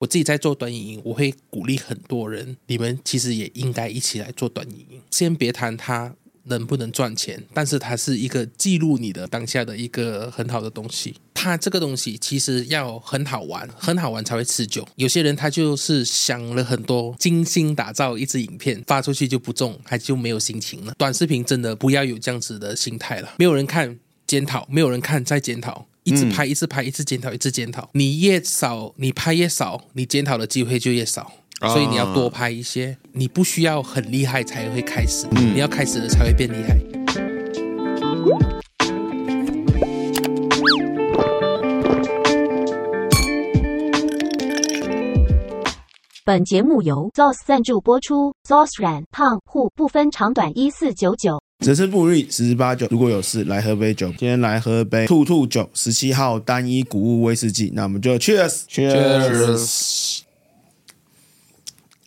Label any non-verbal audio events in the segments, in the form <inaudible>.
我自己在做短影音，我會鼓勵很多人，你們其實也應該一起來做短影音。先別談它能不能賺錢，但是它是一個記錄你的當下的一個很好的東西。它這個東西其實要很好玩，很好玩才會持久。有些人他就是想了很多，精心打造一支影片，發出去就不中，還就沒有心情了。短視頻真的不要有這樣子的心態了，沒有人看，檢討，沒有人看再檢討。一直拍一直拍，一直檢討一直檢討，你越少你拍越少，你檢討的機會就越少，所以你要多拍一些。你不需要很厲害才會開始，嗯，你要開始了才會變厲害。嗯、本節目由 ZOS 贊助播出，ZOS 軟胖戶不分長短一四九九。人生不如意十之八九，如果有事來喝杯酒。今天來喝杯兔兔酒十七號單一穀物威士忌，那我們就 cheers cheers, cheers!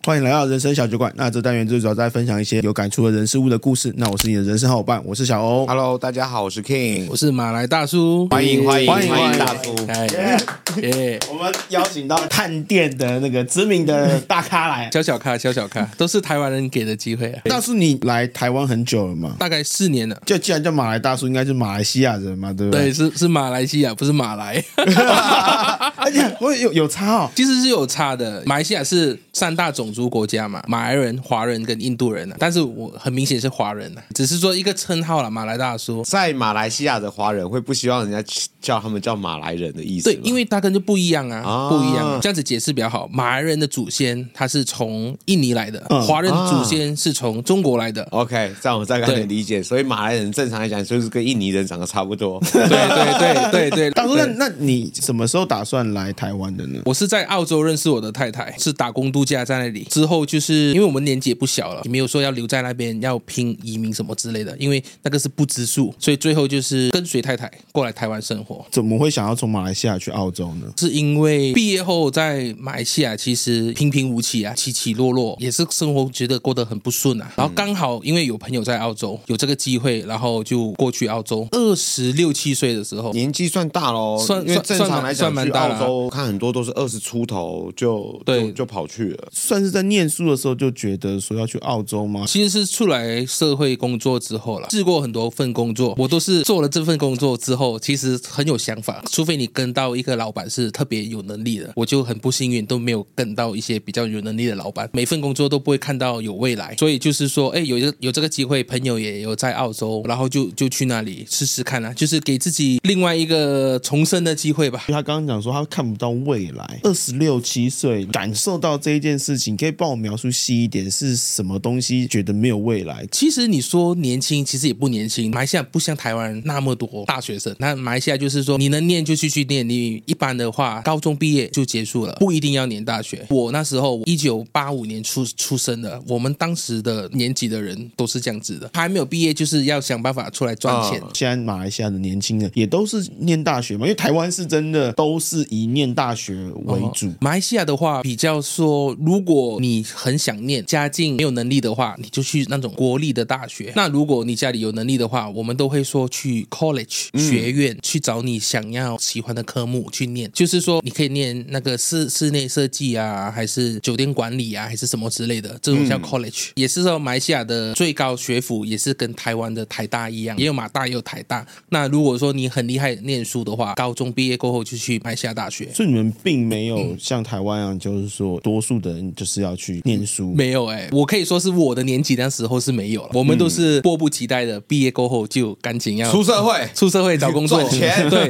歡迎來到人生小酒館。那這單元最主要在分享一些有感觸的人事物的故事。那我是你的人生好夥伴，我是小歐。Hello，大家好，我是 King，我是馬來大叔。歡迎歡迎歡迎大叔。耶、yeah. yeah.！Yeah. 我們邀請到探店的那個知名的大咖來，小小咖，小小咖，都是台灣人給的機會啊。大叔你來台灣很久了嘛？大概四年了。就既然叫馬來大叔，應該是馬來西亞人嘛，對不對？對，是是馬來西亞，不是馬來。 <laughs> 啊、而且我有有差哦，其實是有差的。馬來西亞是三大種。族國家嘛，馬來人、華人跟印度人啊，但是我很明顯是華人的，只是說一個稱號了。馬來大叔在馬來西亞的華人會不希望人家叫他們叫馬來人的意思？對，因為他跟就不一樣啊，啊，不一樣。這樣子解釋比較好。馬來人的祖先他是從印尼來的，啊、華人祖先是從中國來的。啊、OK，這樣我大概你理解，所以馬來人正常來講就是跟印尼人長得差不多。對對對對對。對對對對那、呃、那你什麼時候打算來台灣的呢？我是在澳洲認識我的太太，是打工度假在那裡。之後就是因為我們年紀也不小了，也沒有說要留在那邊要拼移民什麼之類的，因為那個是不知數，所以最後就是跟隨太太過來台灣生活。怎麼會想要從馬來西亞去澳洲呢？是因為畢業後在馬來西亞其實平平無奇啊，起起落落也是生活覺得過得很不順啊。然後剛好因為有朋友在澳洲有這個機會，然後就過去澳洲。二十六七歲的時候，年紀算大咯，算算算，因為正常來講算蠻，算蠻大的啊。去澳洲看很多都是二十出頭就對就跑去了，算是。在念書的時候就覺得說要去澳洲嗎？其實是出來社會工作之後了，試過很多份工作，我都是做了這份工作之後，其實很有想法。除非你跟到一個老闆是特別有能力的，我就很不幸運，都沒有跟到一些比較有能力的老闆。每份工作都不會看到有未來，所以就是說，欸，有一個有這個機會，朋友也有在澳洲，然後就就去那裡試試看啦，就是給自己另外一個重生的機會吧。他剛剛講說他看不到未來，二十六七歲感受到這一件事情。可以幫我描述細一點是什麼東西？覺得沒有未來。其實你說年輕，其實也不年輕。馬來西亞不像台灣人那麼多大學生。那馬來西亞就是說，你能念就繼續念。你一般的話，高中畢業就結束了，不一定要念大學。我那時候一九八五年出出生的，我們當時的年紀的人都是這樣子的，還沒有畢業就是要想辦法出來賺錢。現、uh, 在馬來西亞的年輕人也都是念大學嘛，因為台灣是真的都是以念大學為主。Uh-huh. 馬來西亞的話，比較說如果。你很想念，家境沒有能力的話，你就去那種國立的大學。那如果你家裡有能力的話，我們都會說去 college 學院、嗯、去找你想要喜歡的科目去念。就是說，你可以念那個室室內設計啊，還是酒店管理啊，還是什麼之類的。這種叫 college，、嗯、也是說馬來西亞的最高學府，也是跟台灣的台大一樣，也有馬大，也有台大。那如果說你很厲害，念書的話，高中畢業過後就去馬來西亞大學。所以你們並沒有像台灣一、啊、樣、嗯，就是說多數的人就是。要去念書？沒有哎、欸，我可以說是我的年紀那時候是沒有了。嗯、我們都是迫不及待的，畢業過後就趕緊要出社會、嗯，出社會找工作、嗯、對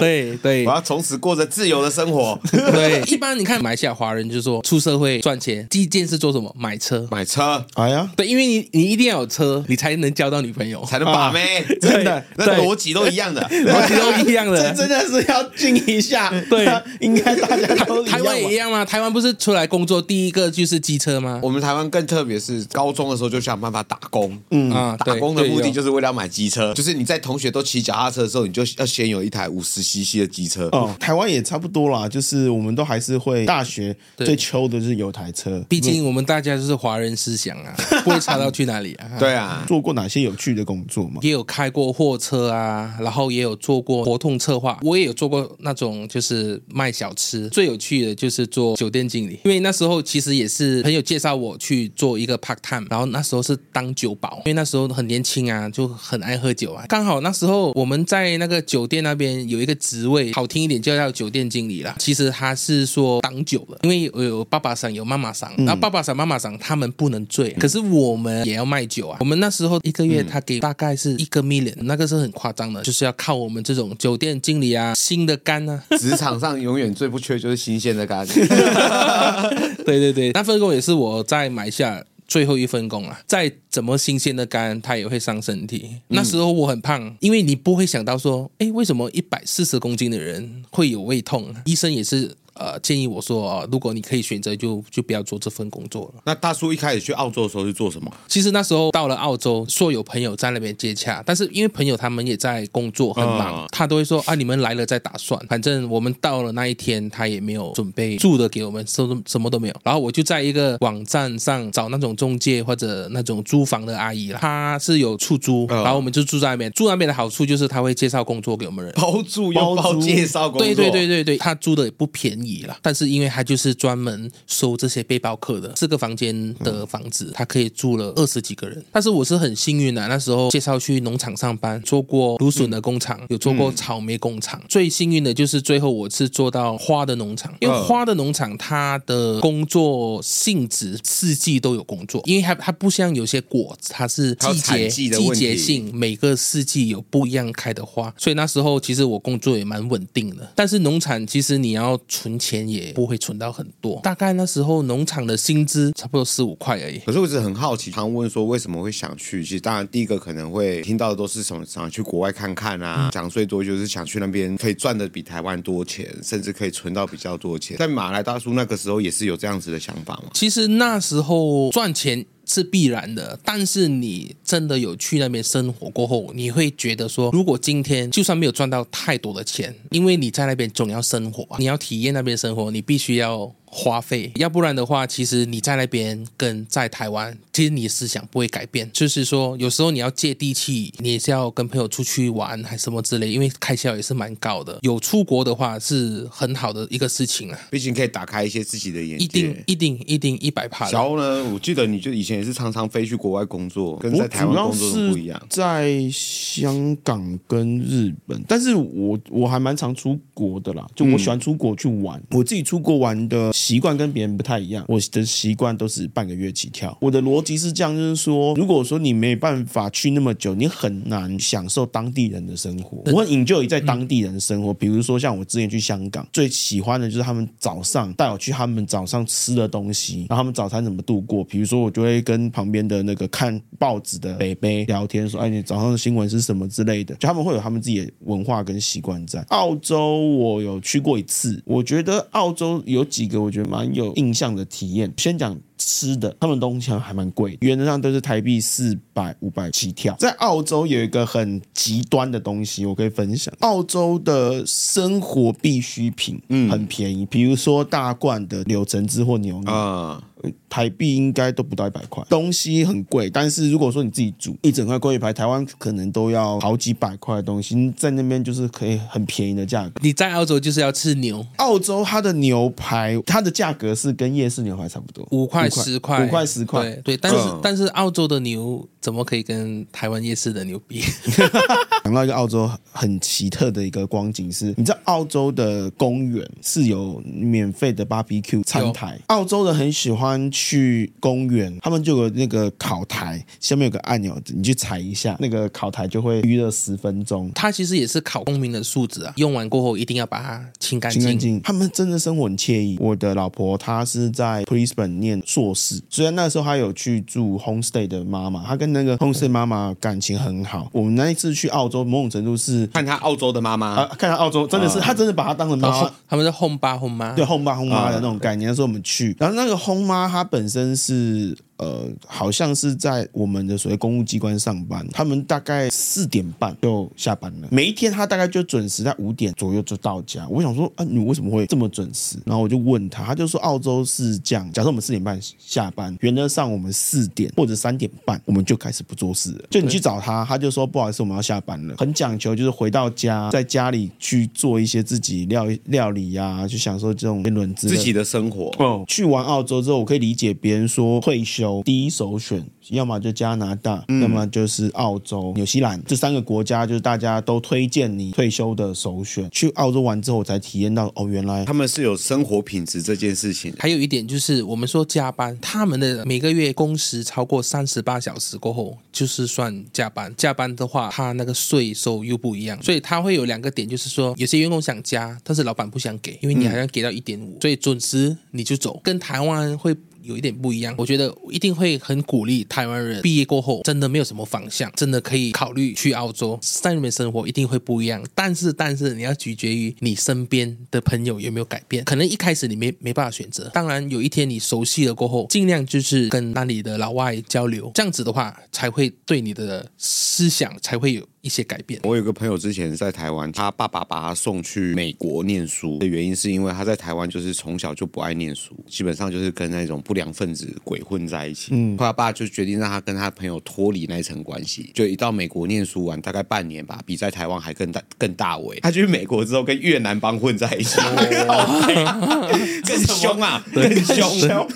對對，我要從此過着自由的生活。對，一般你看馬來西亞華人就說出社會賺錢，第一件事做什麼？買車。買車。哎呀，對，因為你你一定要有車，你才能交到女朋友，才能把妹。啊、真的，那邏輯都一樣的，邏 <laughs> 輯都一樣的。這 <laughs> 真的是要敬一下。 <laughs> 對，應該大家都台灣也一樣嘛？台灣、啊、不是出來工作第一。個就是機車嗎？我們台灣更特別是高中的時候就想辦法打工，嗯，啊、打工的目的就是為了要買機車。就是你在同學都騎腳踏車的時候，你就要先有一台五十 CC 的機車。哦，台灣也差不多啦，就是我們都還是會大學最秋的是有台車。畢竟我們大家就是華人思想啊， <laughs> 不會差到去哪裡啊。對啊，啊，做過哪些有趣的工作嗎？也有開過貨車啊，然後也有做過活動策劃。我也有做過那種就是賣小吃，最有趣的就是做酒店經理，因為那時候其實。其實也是朋友介紹我去做一個 part time，然後那時候是當酒保，因為那時候很年輕啊，就很愛喝酒啊。剛好那時候我們在那個酒店那邊有一個職位，好聽一點叫叫酒店經理啦。其實他是說擋酒的，因為我有爸爸桑，有媽媽桑。然後爸爸桑、媽媽桑，他們不能醉啊，可是我們也要賣酒啊。我們那時候一個月他給大概是一個 million，那個是很誇張的，就是要靠我們這種酒店經理啊，新的肝啊，職場上永遠最不缺就是新鮮的肝。 <laughs> <laughs> 對對。對，那份工也是我在馬來西亞最後一份工啊。再怎麼新鮮的肝，它也會傷身體。嗯、那時候我很胖，因為你不會想到說，哎，為什麼一百四十公斤的人會有胃痛？醫生也是。呃，建議我說，如果你可以選擇就，就就不要做這份工作了。那大叔一開始去澳洲的時候是做什麼？其實那時候到了澳洲，說有朋友在那邊接洽，但是因為朋友他們也在工作很忙，嗯，他都會說啊，你們來了再打算。反正我們到了那一天，他也沒有準備住的給我們，什麼什麼都沒有。然後我就在一個網站上找那種中介或者那種租房的阿姨了，他是有出租，然後我們就住在那邊，嗯。住那邊的好處就是他會介紹工作給我們人，包住，又包介紹工作。對對對對對，他租的也不便宜。但是因為他就是專門收這些背包客的四個房間的房子，他可以住了二十幾個人。但是我是很幸運的。那時候介紹去農場上班，做過蘆筍的工廠，嗯、有做過草莓工廠、嗯。最幸運的就是最後我是做到花的農場，因為花的農場它的工作性質四季都有工作，因為它它不像有些果，它是季節的季節性，每個四季有不一樣開的花，所以那時候其實我工作也蠻穩定的。但是農場其實你要存。錢也不會存到很多，大概那時候農場的薪資差不多十五塊而已。可是我一直很好奇，常問說，為什麼會想去？其實當然第一個可能會聽到的都是什麼想去國外看看啊，講、嗯、最多就是想去那邊可以賺的比台灣多錢，甚至可以存到比較多錢。在馬來大叔那個時候也是有這樣子的想法嘛。其實那時候賺錢。是必然的，但是你真的有去那邊生活過後，你會覺得說，如果今天就算沒有賺到太多的錢，因為你在那邊總要生活，你要體驗那邊生活，你必須要。花費，要不然的話，其實你在那邊跟在台灣，其實你的思想不會改變。就是說，有時候你要接地氣，你也是要跟朋友出去玩，還什麼之類，因為開銷也是蠻高的。有出國的話，是很好的一個事情啊，畢竟可以打開一些自己的眼界。一定一定一定一百趴。然後呢，我記得你就以前也是常常飛去國外工作，跟在台灣工作不一樣。在香港跟日本，但是我我還蠻常出國的啦，就我喜歡出國去玩。嗯、我自己出國玩的。習慣跟別人不太一樣，我的習慣都是半個月起跳。我的邏輯是這樣，就是說，如果說你沒辦法去那麼久，你很難享受當地人的生活。我會融入在當地人的生活，比如說像我之前去香港，最喜歡的就是他們早上帶我去他們早上吃的東西，然後他們早餐怎麼度過。比如說，我就會跟旁邊的那個看報紙的北北聊天，說：“哎，你早上的新聞是什麼之類的？”就他們會有他們自己的文化跟習慣在。澳洲我有去過一次，我覺得澳洲有幾個。我覺得蠻有印象的體驗。先講。吃的他們東西還蠻貴，原則上都是台幣四百、五百起跳。在澳洲有一個很極端的東西，我可以分享。澳洲的生活必需品嗯很便宜、嗯，比如說大罐的柳橙汁或牛奶、呃、台幣應該都不到一百塊。東西很貴，但是如果說你自己煮一整塊鮭魚排，台灣可能都要好幾百塊的東西，在那邊就是可以很便宜的價格。你在澳洲就是要吃牛，澳洲它的牛排它的價格是跟夜市牛排差不多五塊。五塊十塊，對，但是、嗯、但是澳洲的牛。怎麼可以跟台灣夜市的牛逼？講 <laughs> <laughs> 到一個澳洲很奇特的一個光景是，你知道澳洲的公園是有免費的 BBQ 餐檯，澳洲的很喜歡去公園，他們就有那個烤檯，下面有個按鈕，你去踩一下，那個烤檯就會預熱十分鐘。他其實也是考公民的素質啊，用完過後一定要把它清乾淨。他們真的生活很愜意。我的老婆她是在 Perth 念碩士，雖然那時候她有去住 homestay 的媽媽，她跟那個 home 媽媽感情很好，我們那一次去澳洲，某種程度是看她澳洲的媽媽、啊，看她澳洲真的是，她、嗯、真的把她當成媽媽，她們是 home 爸 home 媽，對 home 爸 home 媽的那種概念。那時候我們去，然後那個 home 媽她本身是。呃，好像是在我們的所謂公務機關上班，他們大概四點半就下班了。每一天他大概就準時在五點左右就到家。我想說啊，你為什麼會這麼準時？然後我就問他，他就說澳洲是這樣，假設我們四點半下班，原則上我們四點或者三點半我們就開始不做事了。就你去找他，他就說不好意思，我們要下班了。很講究，就是回到家，在家裡去做一些自己料料理呀、啊，就享受這種輪自己的生活。哦，去完澳洲之後，我可以理解別人說退休。有第一首選，要麼就加拿大，要、嗯、麼就是澳洲、紐西蘭這三個國家，就是大家都推薦你退休的首選。去澳洲玩之後，我才體驗到哦，原來他們是有生活品質這件事情。還有一點就是，我們說加班，他們的每個月工時超過三十八小時過後，就是算加班。加班的話，他那個稅收又不一樣，所以他會有兩個點，就是說有些員工想加，但是老板不想給，因為你好像給到一點五，所以準時你就走。跟台灣會有一點不一樣，我覺得一定會很鼓勵台灣人畢業過後，真的沒有什麼方向，真的可以考慮去澳洲，在那邊生活一定會不一樣。但是，但是你要取決於你身邊的朋友有沒有改變。可能一開始你沒沒辦法選擇，當然有一天你熟悉了過後，儘量就是跟那裡的老外交流，這樣子的話才會對你的思想才會有一些改變。我有個朋友之前在台灣，他爸爸把他送去美國唸書的原因，是因為他在台灣就是從小就不愛唸書，基本上就是跟那種不良分子鬼混在一起。嗯，他爸就決定讓他跟他朋友脫離那一層關係。就一到美國唸書完，大概半年吧，比在台灣還更大更大尾。他去美國之後，跟越南幫混在一起，更、oh, 凶、okay. <laughs> 什麼 <laughs> 啊，更凶。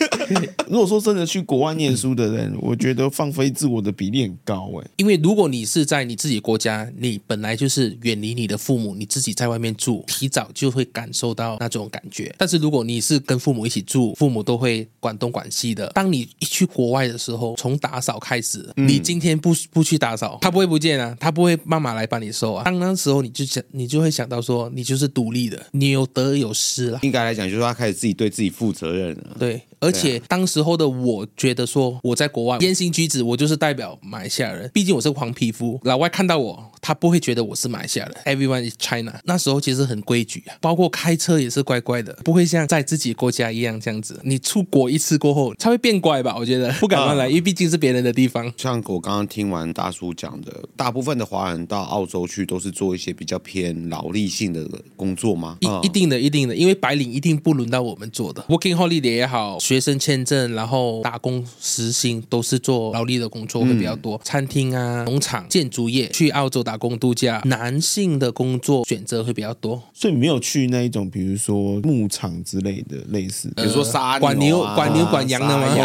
<laughs> 如果說真的去國外唸書的人， <laughs> 我覺得放飛自我的比例很高哎、欸。因為如果你是在你自己國，家，你本來就是遠離你的父母，你自己在外面住，提早就會感受到那種感覺。但是如果你是跟父母一起住，父母都會管東管西的。當你一去國外的時候，從打掃開始，嗯，你今天不不去打掃，他不會不見啊，他不會媽媽來幫你收啊。當那時候你就想，你就會想到說，你就是獨立的，你有得有失了啊。應該來講，就是他開始自己對自己負責任了。對。而且、啊、當時候的我覺得說我在國外言行舉止，我就是代表馬來西亞人。畢竟我是黃皮膚，老外看到我，他不會覺得我是馬來西亞人。Everyone is China。那時候其實很規矩啊，包括開車也是乖乖的，不會像在自己國家一樣這樣子。你出國一次過後，才會變乖吧？我覺得不敢亂來、嗯，因為畢竟是別人的地方。像我剛剛聽完大叔講的，大部分的華人到澳洲去都是做一些比較偏勞力性的工作嗎？一、嗯、一定的，一定的，因為白領一定不輪到我們做的，Working Holiday 也好。學生簽證，然後打工實習都是做勞力的工作會比較多、嗯，餐廳啊、農場、建築業。去澳洲打工度假，男性的工作選擇會比較多，嗯，所以沒有去那一種，比如說牧場之類的類似的，比如說殺牛、管牛，啊、管牛管羊的嗎？啊、那麼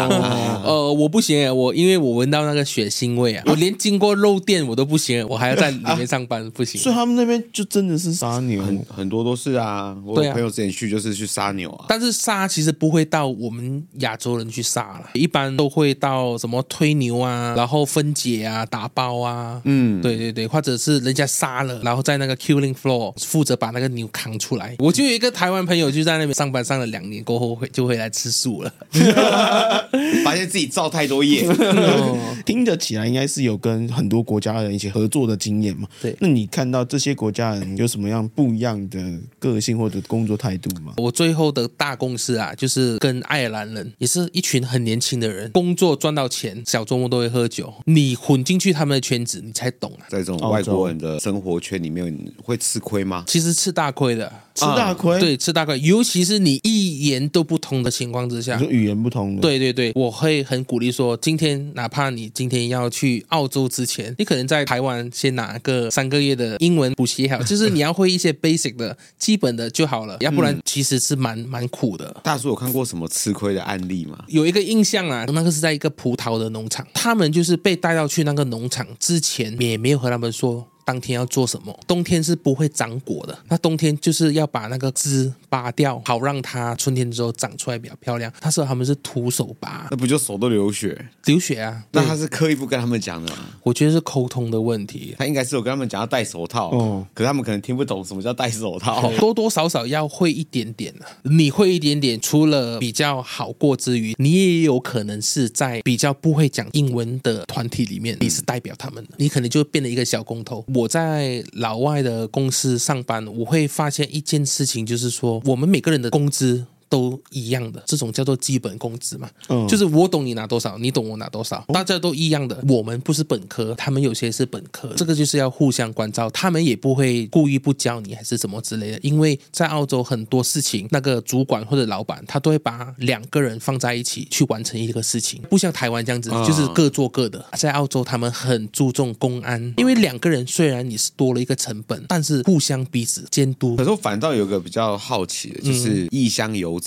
羊 <laughs> 呃，我不行、欸，我因為我聞到那個血腥味啊，啊我連經過肉店我都不行，我還要在裡面上班不行，啊啊。所以他們那邊就真的是殺牛，很很多都是啊。我朋友之前去就是去殺牛啊，啊，但是殺其實不會到我們。亞洲人去殺了，一般都會到什麼推牛啊，然後分解啊，打包啊，嗯，對對對，或者是人家殺了，然後在那個 killing floor 負責把那個牛扛出來。我就有一個台灣朋友就在那邊上班，上了兩年過後會就回來吃素了， <laughs> <laughs> <laughs> 發現自己造太多業。No. <laughs> 聽得起來應該是有跟很多國家人一起合作的經驗嘛。對，那你看到這些國家人有什麼樣不一樣的個性或者工作態度嗎？我最後的大公司啊，就是跟愛爾蘭。人也是一群很年輕的人，工作賺到錢，小周末都會喝酒。你混進去他們的圈子，你才懂啊！在這種外國人的生活圈裡面，oh, 你會吃虧嗎？其實吃大虧的。吃大虧、嗯，對，吃大虧，尤其是你一言都不通的情況之下，就語言不通。對對對，我會很鼓勵說，今天哪怕你今天要去澳洲之前，你可能在台灣先拿個三個月的英文補習好，就是你要會一些 basic 的 <laughs> 基本的就好了，要不然其實是蠻、嗯、蠻苦的。大叔有看過什麼吃虧的案例嗎？有一個印象啊，那個是在一個葡萄的農場，他們就是被帶到去那個農場之前，也沒有和他們說。當天要做什麼？冬天是不會長果的。那冬天就是要把那個枝拔掉，好讓它春天之後長出來比較漂亮。他說他們是徒手拔，那不就手都流血？流血啊！那他是刻意不跟他們講的？我覺得是溝通的問題。他應該是有跟他們講要戴手套。哦。可他們可能聽不懂什麼叫戴手套，多多少少要會一點點。你會一點點，除了比較好過之餘，你也有可能是在比較不會講英文的團體裡面，你是代表他們的，嗯、你可能就變了一個小工頭。我在老外的公司上班，我會發現一件事情，就是說我們每個人的工資。都一樣的，這種叫做基本工資嘛。嗯，就是我懂你拿多少，你懂我拿多少，大家都一樣的。我們不是本科，他們有些是本科，這個就是要互相關照，他們也不會故意不教你還是什麼之類的。因為在澳洲很多事情，那個主管或者老闆他都會把兩個人放在一起去完成一個事情，不像台灣這樣子，就是各做各的。嗯，在澳洲他們很注重工安，因為兩個人雖然你是多了一個成本，但是互相彼此監督。可是我反倒有個比較好奇的，就是異鄉遊。嗯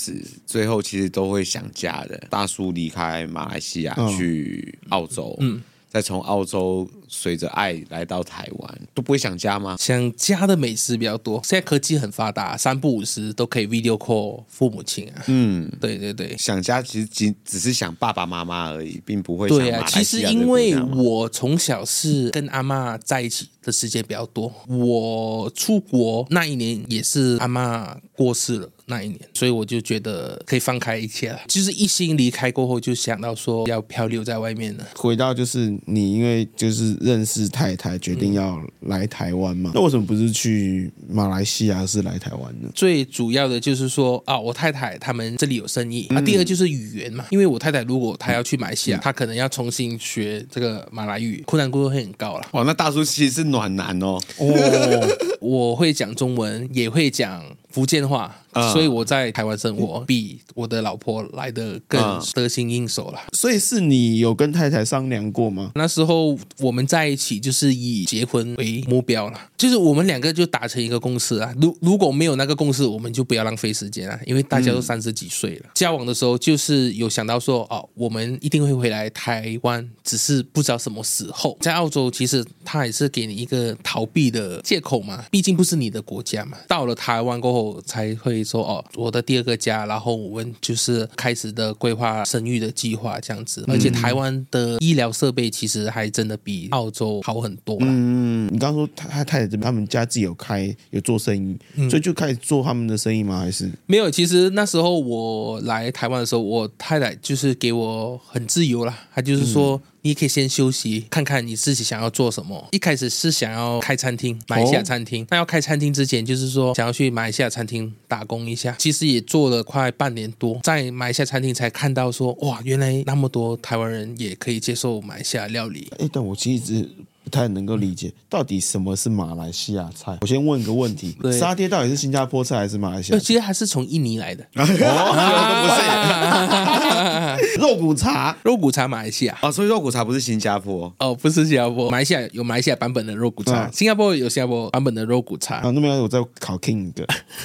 最後其實都會想家的，大叔離開馬來西亞去澳洲，哦嗯嗯、再從澳洲隨着愛來到台灣，都不會想家嗎？想家的美食比較多，現在科技很發達，三不五時都可以 video call 父母親啊。嗯，對對對，想家其實僅只是想爸爸媽媽而已，並不會想馬來西亞對。啊、其實因為我從小是跟阿媽在一起的時間比較多，我出國那一年也是阿媽過世了。那一年，所以我就覺得可以放開一切了。就是一心離開過後，就想到說要漂流在外面了。回到就是你，因為就是認識太太，決定要來台灣嘛。嗯、那為什麼不是去馬來西亞，是來台灣呢？最主要的就是說啊、哦，我太太他們這裡有生意。那、嗯啊、第二就是語言嘛，因為我太太如果她要去馬來西亞，嗯、她可能要重新學這個馬來語，困難度會很高了。哇，那大叔其實是暖男哦。哦，我會講中文，也會講。福建話，uh, 所以我在台灣生活比我的老婆來得更得心應手了。Uh, 所以是你有跟太太商量過嗎？那時候我們在一起就是以結婚為目標了，就是我們兩個就達成一個共識啊。如如果沒有那個共識，我們就不要浪費時間啊，因為大家都三十幾歲了。嗯。交往的時候就是有想到說，哦，我們一定會回來台灣，只是不知道什麼時候。在澳洲其實他也是給你一個逃避的借口嘛，畢竟不是你的國家嘛。到了台灣過後。才會說哦，我的第二個家，然後我們就是開始的規劃生育的計劃這樣子。而且台灣的醫療設備其實還真的比澳洲好很多啦。嗯，你剛剛說他他太太他們家自己有開有做生意，嗯，所以就開始做他們的生意嗎？還是沒有？其實那時候我來台灣的時候，我太太就是給我很自由啦。她就是說。嗯你可以先休息，看看你自己想要做什麼。一開始是想要開餐廳，馬來西亞餐廳。那、哦、要開餐廳之前，就是說想要去馬來西亞餐廳打工一下。其實也做了快半年多，在馬來西亞餐廳才看到說，哇，原來那麼多台灣人也可以接受馬來西亞料理。誒但我其實，不太能夠理解到底什麼是馬來西亞菜。我先問一個問題：沙爹到底是新加坡菜還是馬來西亞、呃？其實還是從印尼來的。 <laughs> 哦、 <laughs> <laughs> 肉骨茶，肉骨茶馬來西亞啊、哦、所以肉骨茶不是新加坡哦，哦，不是新加坡，馬來西亞有馬來西亞版本的肉骨茶，啊、新加坡有新加坡版本的肉骨茶。啊，那邊有我在考 king 的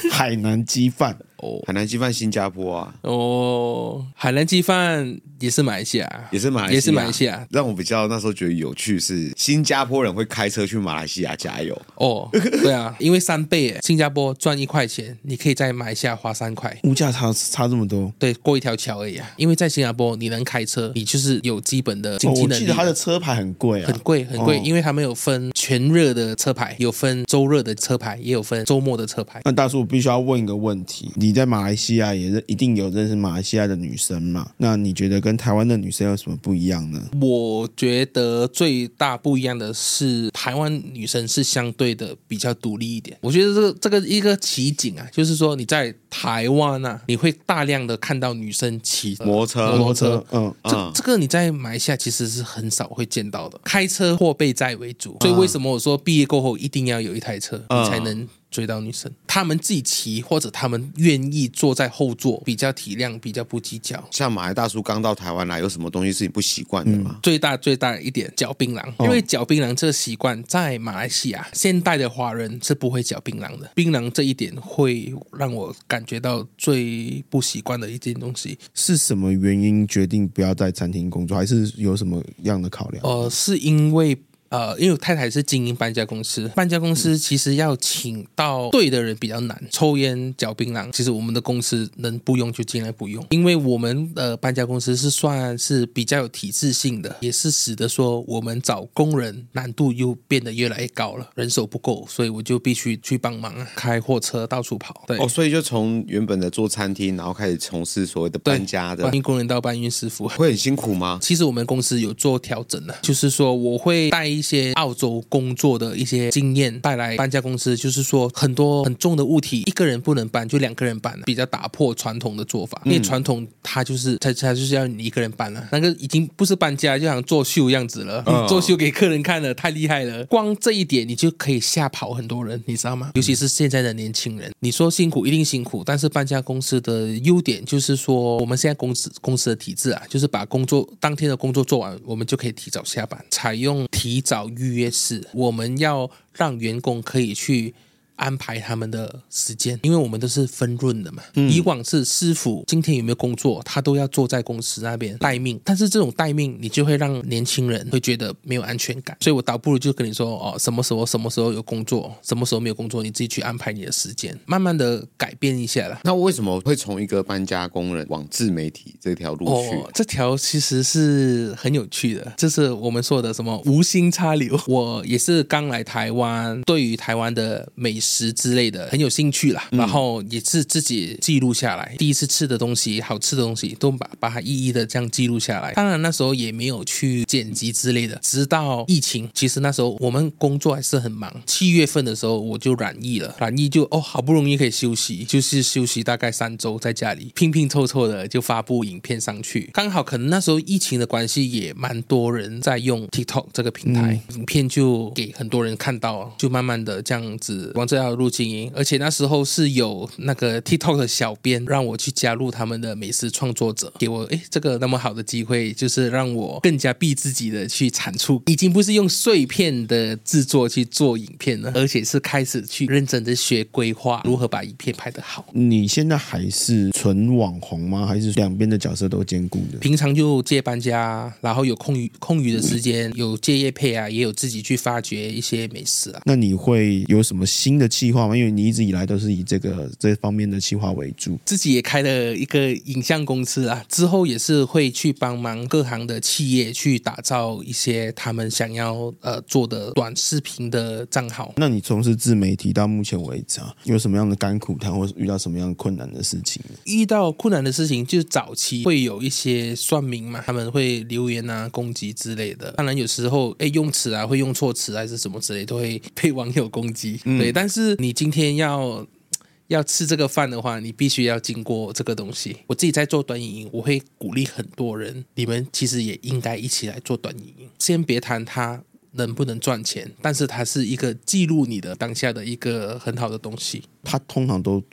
海南雞飯。 <laughs> 海南雞飯，新加坡啊！哦，海南雞飯也是馬來西亞，也是馬，也是馬來西亞。讓我比較那時候覺得有趣是，新加坡人會開車去馬來西亞加油。哦，對啊，因為三倍誒，新加坡賺一塊錢，你可以在馬來西亞花三塊。物價差差這麼多？對，過一條橋而已啊。因為在新加坡，你能開車，你就是有基本的經濟能力、啊。哦、我記得他的車牌很貴啊，很貴，很貴、哦，因為他沒有分全熱的車牌，有分週熱的車牌，也有分週末的車牌。那大叔，我必須要問一個問題，你？你在馬來西亞也是一定有認識馬來西亞的女生嘛？那你覺得跟台灣的女生有什麼不一樣呢？我覺得最大不一樣的是，台灣女生是相對的比較獨立一點。我覺得這個、這個一個奇景啊，就是說你在台灣啊，你會大量的看到女生騎摩托車，摩托車，嗯，這這個你在馬來西亞其實是很少會見到的，開車或被載為主。所以為什麼我說畢業過後一定要有一台車，嗯，你才能追到女生，他們自己騎或者他們願意坐在後座，比較體諒，比較不計較。像馬來大叔剛到台灣來，有什麼東西是你不習慣的嗎？嗯，最大最大一點，嚼檳榔。因為嚼檳榔這個習慣在馬來西亞，現代的華人是不會嚼檳榔的。檳榔這一點會讓我感覺到最不習慣的一件東西。是什麼原因決定不要在餐廳工作？還是有什麼樣的考量？呃，是因為。呃，因為我太太是經營搬家公司，搬家公司其實要請到對的人比較難。抽菸、嚼檳榔，其實我們的公司能不用就盡量不用，因為我們的搬家公司是算是比較有體制性的，也是使得說我們找工人難度又變得越來越高了，人手不夠，所以我就必須去幫忙開貨車到處跑。對，哦，所以就從原本的做餐廳，然後開始從事所謂的搬家的搬運工人到搬運師傅，會很辛苦嗎？其實我們公司有做調整的，就是說我會帶一一些澳洲工作的一些經驗帶來搬家公司，就是說很多很重的物體一個人不能搬，就兩個人搬，啊，比較打破傳統的做法。因為傳統它就是它它就是要你一個人搬了，啊，那個已經不是搬家，就像做秀樣子了，嗯，做秀給客人看了，太厲害了。光這一點你就可以嚇跑很多人，你知道嗎？尤其是現在的年輕人，你說辛苦一定辛苦，但是搬家公司的優點就是說，我們現在公司公司的體制啊，就是把工作當天的工作做完，我們就可以提早下班，採用提早。到預約室，我們要讓員工可以去。安排他們的時間，因為我們都是分潤的嘛、嗯。以往是師傅今天有沒有工作，他都要坐在公司那邊待命。但是這種待命，你就會讓年輕人會覺得沒有安全感。所以我倒不如就跟你說哦，什麼時候什麼時候有工作，什麼時候沒有工作，你自己去安排你的時間，慢慢的改變一下了。那我為什麼會從一個搬家工人往自媒體這條路去？哦、這條其實是很有趣的，這是我們說的什麼無心插柳。 <laughs> 我也是剛來台灣，對於台灣的美食。食之類的很有興趣啦，然後也是自己記錄下來，嗯、第一次吃的東西、好吃的東西都把把它一一的這樣記錄下來。當然那時候也沒有去剪輯之類的。直到疫情，其實那時候我們工作還是很忙。七月份的時候我就染疫了，染疫就哦，好不容易可以休息，就是休息大概三周，在家裡拼拼湊湊的就發布影片上去。剛好可能那時候疫情的關係，也蠻多人在用 TikTok 這個平台，嗯，影片就給很多人看到，就慢慢的這樣子往。是要入經營，而且那時候是有那個 TikTok 的小編讓我去加入他們的美食創作者，給我哎、欸、這個那麼好的機會，就是讓我更加逼自己的去產出，已經不是用碎片的制作去做影片了，而且是開始去認真的學規劃如何把影片拍得好。你現在還是純網紅嗎？還是兩邊的角色都兼顧的？平常就接搬家，然後有空餘空餘的時間，有接業配啊，也有自己去發掘一些美食啊。那你會有什麼新的？的企劃嘛，因為你一直以來都是以這個這方面的企劃為主。自己也開了一個影像公司啊，之後也是會去幫忙各行的企業去打造一些他們想要呃做的短視頻的賬號。那你從事自媒體到目前為止啊，有什麼樣的甘苦談？他會遇到什麼樣困難的事情？遇到困難的事情，就是早期會有一些酸民嘛，他們會留言啊、攻擊之類的。當然有時候哎用詞啊會用錯詞還是什麼之類，都會被網友攻擊。嗯、對，但是。是你今天要要吃這個飯的話，你必須要經過這個東西。我自己在做短影音，我會鼓勵很多人，你們其實也應該一起來做短影音。先別談它能不能賺錢，但是它是一個記錄你的當下的一個很好的東西。它通常都。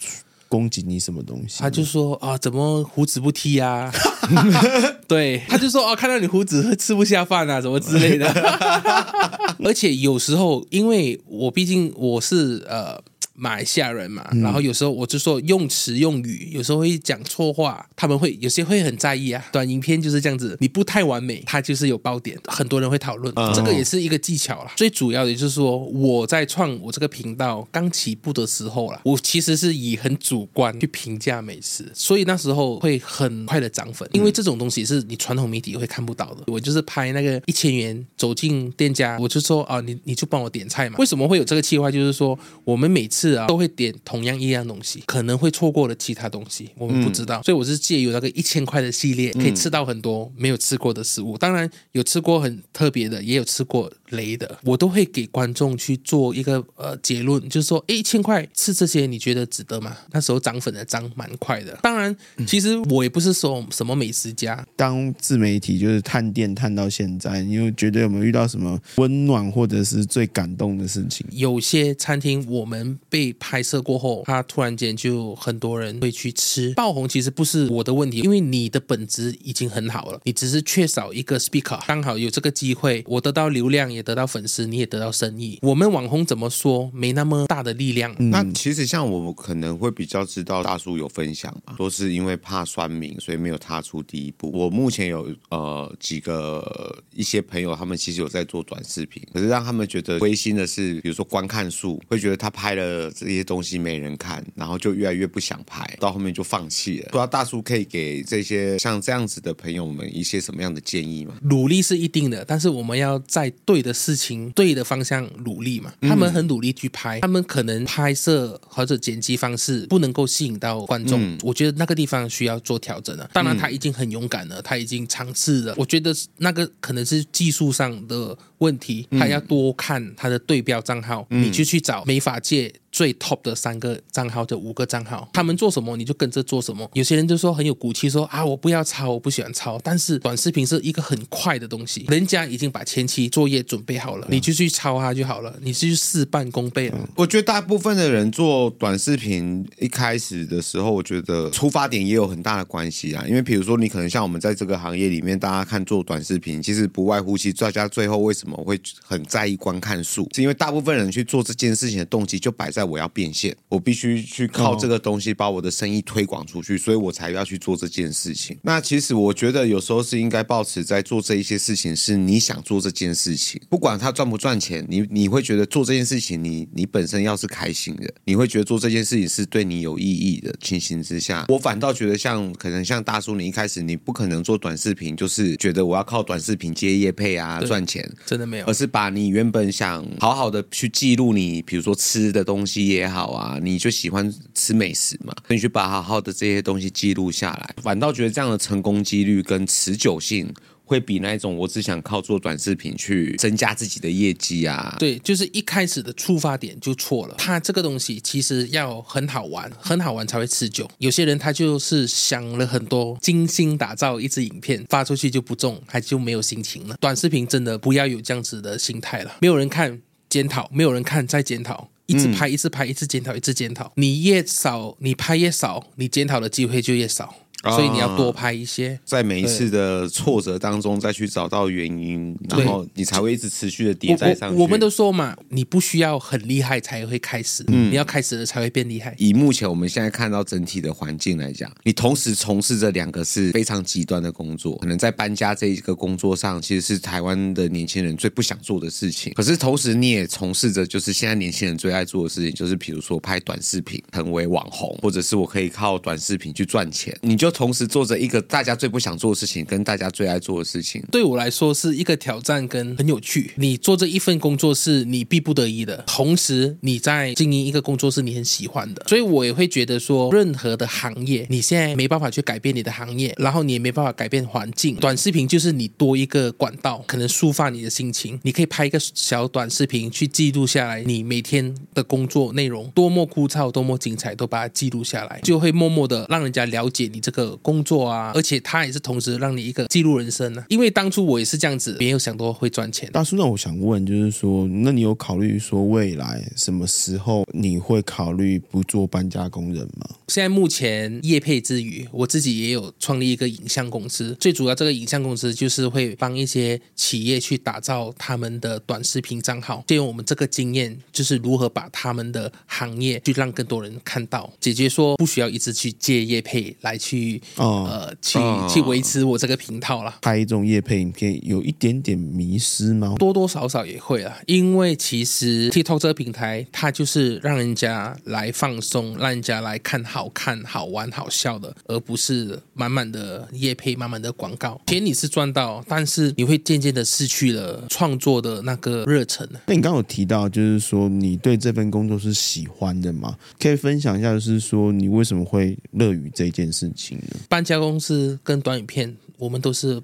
攻擊你什麼東西？他就說啊、呃，怎麼鬍子不剃啊？ <laughs> <laughs> 對，他就說啊、呃，看到你鬍子吃不下飯啊，什麼之類的。 <laughs> 而且有時候，因為我畢竟我是呃。馬來西亞人嘛、嗯，然後有時候我就說用詞用語，有時候會講錯話，他們會有些會很在意啊。短影片就是這樣子，你不太完美，他就是有爆點，很多人會討論。這個也是一個技巧啦。最主要的就是說，我在創我這個頻道剛起步的時候啦，我其實是以很主觀去評價美食，所以那時候會很快的漲粉，嗯、因為這種東西是你傳統媒體會看不到的。我就是拍那個一千元走進店家，我就說啊，你你就幫我點菜嘛。為什麼會有這個計劃？就是說我們每次。都會點同樣一樣東西，可能會錯過了其他東西，我們不知道。嗯。所以我是借由那個一千塊的系列，可以吃到很多沒有吃過的食物。當然有吃過很特別的，也有吃過。雷的，我都會給觀眾去做一個呃結論，就是說，誒，一千塊吃這些，你覺得值得嗎？那時候漲粉的漲蠻快的。當然，嗯、其實我也不是說什麼美食家。當自媒體就是探店探到現在，你又覺得有沒有遇到什麼溫暖或者是最感動的事情？有些餐廳我們被拍攝過後，他突然間就很多人會去吃，爆紅其實不是我的問題，因為你的本質已經很好了，你只是缺少一個 speaker。剛好有這個機會，我得到流量也。得到粉絲，你也得到生意。我們網紅怎麼說？沒那麼大的力量。嗯，那其實像我可能會比較知道，大叔有分享嘛，都是因為怕酸民，所以沒有踏出第一步。我目前有呃幾個一些朋友，他們其實有在做短視頻，可是讓他們覺得灰心的是，比如說觀看數，會覺得他拍了這些東西沒人看，然後就越來越不想拍，到後面就放棄了。不知道大叔可以給這些像這樣子的朋友們一些什麼樣的建議嗎？努力是一定的，但是我們要在對的，事情對的方向努力嘛，嗯，他們很努力去拍，他們可能拍攝或者剪輯方式不能夠吸引到觀眾，嗯，我覺得那個地方需要做調整了。啊嗯。當然他已經很勇敢了，他已經嘗試了，我覺得那個可能是技術上的問題，他，嗯，要多看他的對標賬號，嗯，你就去找沒法借。最 top 的三個賬號，這五個賬號，他們做什麼你就跟着做什麼。有些人就說很有骨氣，說啊，我不要抄，我不喜歡抄。但是短視頻是一個很快的東西，人家已經把前期作業準備好了，你就去抄它就好了，你是去事半功倍了，嗯。我覺得大部分的人做短視頻一開始的時候，我覺得出發點也有很大的關係啊。因為比如說你可能像我們在這個行業裡面，大家看做短視頻，其實不外乎是大家最後為什麼我會很在意觀看數，是因為大部分人去做這件事情的動機就擺在。在我要變現，我必須去靠這個東西把我的生意推廣出去，所以我才要去做這件事情。那其實我覺得有時候是應該抱持在做這一些事情，是你想做這件事情，不管它賺不賺錢，你你會覺得做這件事情，你你本身要是開心的，你會覺得做這件事情是對你有意義的情形之下，我反倒覺得像可能像大叔，你一開始你不可能做短視頻，就是覺得我要靠短視頻接業配啊賺錢，真的沒有，而是把你原本想好好的去記錄你，比如說吃的東西。機也好啊，你就喜歡吃美食嘛，可以去把好好的這些東西記錄下來，反倒覺得這樣的成功幾率跟持久性會比那一種我只想靠做短視頻去增加自己的業績啊。對，就是一開始的出發點就錯了。它這個東西其實要很好玩，很好玩才會持久。有些人他就是想了很多，精心打造一支影片發出去就不中，還就沒有心情了。短視頻真的不要有這樣子的心態了，沒有人看，檢討，沒有人看，再檢討。一直拍，一直拍，一直檢討，一直檢討。你越少，你拍越少，你檢討的機會就越少。所以你要多拍一些，啊，在每一次的挫折當中再去找到原因，然後你才會一直持續的迭代上去。我、我、我們都說嘛，你不需要很厲害才會開始，嗯，你要開始了才會變厲害。以目前我們現在看到整體的環境來講，你同時從事着兩個是非常極端的工作，可能在搬家這一個工作上，其實是台灣的年輕人最不想做的事情。可是同時你也從事着就是現在年輕人最愛做的事情，就是比如說拍短視頻成為網紅，或者是我可以靠短視頻去賺錢，你就是。同時做着一個大家最不想做的事情，跟大家最愛做的事情，對我來說是一個挑戰跟很有趣。你做這一份工作是你逼不得已的，同時你在經營一個工作是你很喜歡的，所以我也會覺得說，任何的行業，你現在沒辦法去改變你的行業，然後你也沒辦法改變環境。短視頻就是你多一個管道，可能抒發你的心情。你可以拍一個小短視頻去記錄下來，你每天的工作內容多麼枯燥，多麼精彩，都把它記錄下來，就會默默的讓人家了解你這個工作啊，而且他也是同時讓你一個記錄人生呢、啊。因為當初我也是這樣子，沒有想到會賺錢。大叔，那我想問，就是說，那你有考慮說未來什麼時候你會考慮不做搬家工人嗎？現在目前業配之餘，我自己也有創立一個影像公司。最主要這個影像公司就是會幫一些企業去打造他們的短視頻賬號，借用我們這個經驗，就是如何把他們的行業去讓更多人看到，解決說不需要一直去借業配來去。呃，嗯、去、嗯、去維持我這個頻道啦。拍一種業配影片有一點點迷失嗎？多多少少也會啊，因為其實 TikTok 這個平台，它就是讓人家來放鬆，讓人家來看好看、好玩、好笑的，而不是滿滿的業配、滿滿的廣告。錢你是賺到，但是你會漸漸的失去了創作的那個熱忱。那你剛剛有提到，就是說你對這份工作是喜歡的嗎？可以分享一下，就是說你為什麼會樂於這件事情？搬家公司跟短影片，我們都是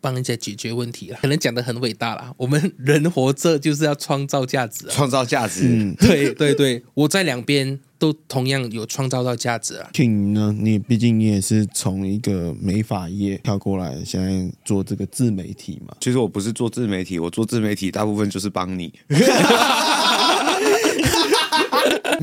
幫人家解決問題啦。可能講得很偉大啦，我們人活着就是要創造價值，創造價值。嗯對，對對對， <laughs> 我在兩邊都同樣有創造到價值啊。挺呢，你畢竟你也是從一個美髮業跳過來，現在做這個自媒體嘛。其實我不是做自媒體，我做自媒體大部分就是幫你。 <laughs>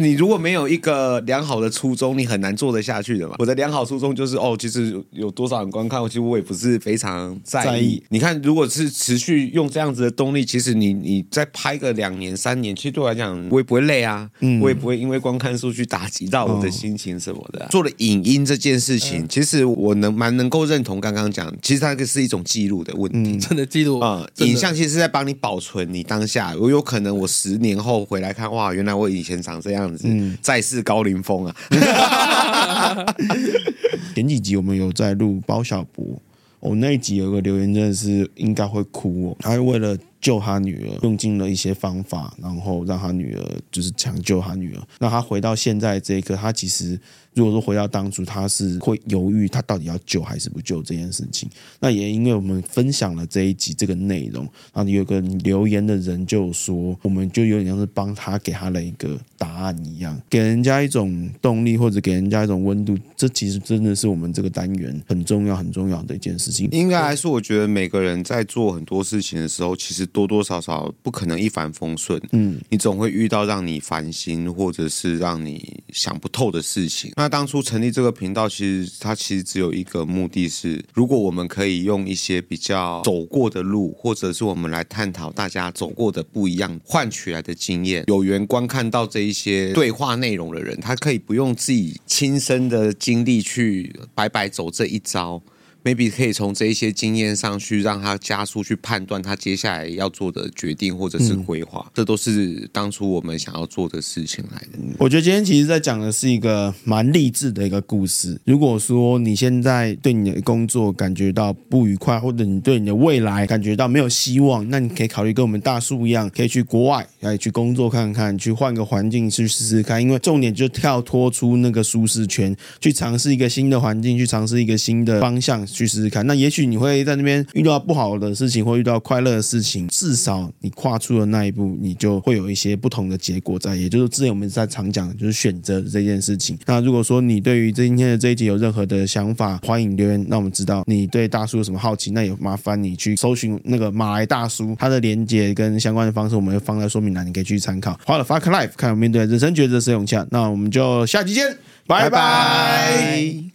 你如果沒有一個良好的初衷，你很難做得下去的嘛。我的良好初衷就是哦，其實有多少人觀看，我其實我也不是非常在意，在意。你看，如果是持續用這樣子的動力，其實你你再拍個兩年三年，其實對我來講，我也不，不會累啊，嗯，我也不會因為觀看數據打擊到我的心情什麼的、啊哦。做了影音這件事情，其實我能蠻能夠認同剛剛講，其實它是一種記錄的問題，嗯嗯、真的記錄啊，影像其實是在幫你保存你當下。我有，有可能我十年後回來看，哇，原來我以前長這樣。是是嗯，再世高凌風啊，前幾集我們有在錄包小博，我那一集有個留言真的是應該會哭哦，他為了救他女兒，用盡了一些方法，然後讓他女兒就是搶救他女兒，那他回到現在這一刻，他其實。如果說回到當初，他是會猶豫，他到底要救還是不救這件事情，那也因為我們分享了這一集這個內容，然後有個留言的人就說，我們就有點像是幫他給他了一個答案一樣，給人家一種動力，或者給人家一種溫度，這其實真的是我們這個單元很重要、很重要的一件事情。應該來說，我覺得每個人在做很多事情的時候，其實多多少少不可能一帆風順，嗯，你總會遇到讓你煩心，或者是讓你想不透的事情。那當初成立這個頻道，其實它其實只有一個目的是，是如果我們可以用一些比較走過的路，或者是我們來探討大家走過的不一樣換取來的經驗，有緣觀看到這一些對話內容的人，他可以不用自己親身的經歷去白白走這一遭。Maybe 可以從這一些經驗上去讓他加速去判斷他接下來要做的決定，或者是規劃，這都是當初我們想要做的事情來的。我覺得今天其實在講的是一個蠻勵志的一個故事。如果說你現在對你的工作感覺到不愉快，或者你對你的未來感覺到沒有希望，那你可以考慮跟我們大叔一樣，可以去國外來去工作看看，去換個環境去試試看。因為重點就跳脫出那個舒適圈，去嘗試一個新的環境，去嘗試一個新的方向。去試試看，那也許你會在那邊遇到不好的事情，或遇到快樂的事情。至少你跨出了那一步，你就會有一些不同的結果在。也就是之前我們在常講，就是選擇這件事情。那如果說你對於這今天的這一集有任何的想法，歡迎留言讓我們知道你對大叔有什麼好奇。那也麻煩你去搜尋那個馬來大叔他的連結跟相關的方式，我們會放在說明欄，你可以去參考。好了，fuck life，看我們面對人生抉擇是勇氣，那我們就下期見，拜拜。拜拜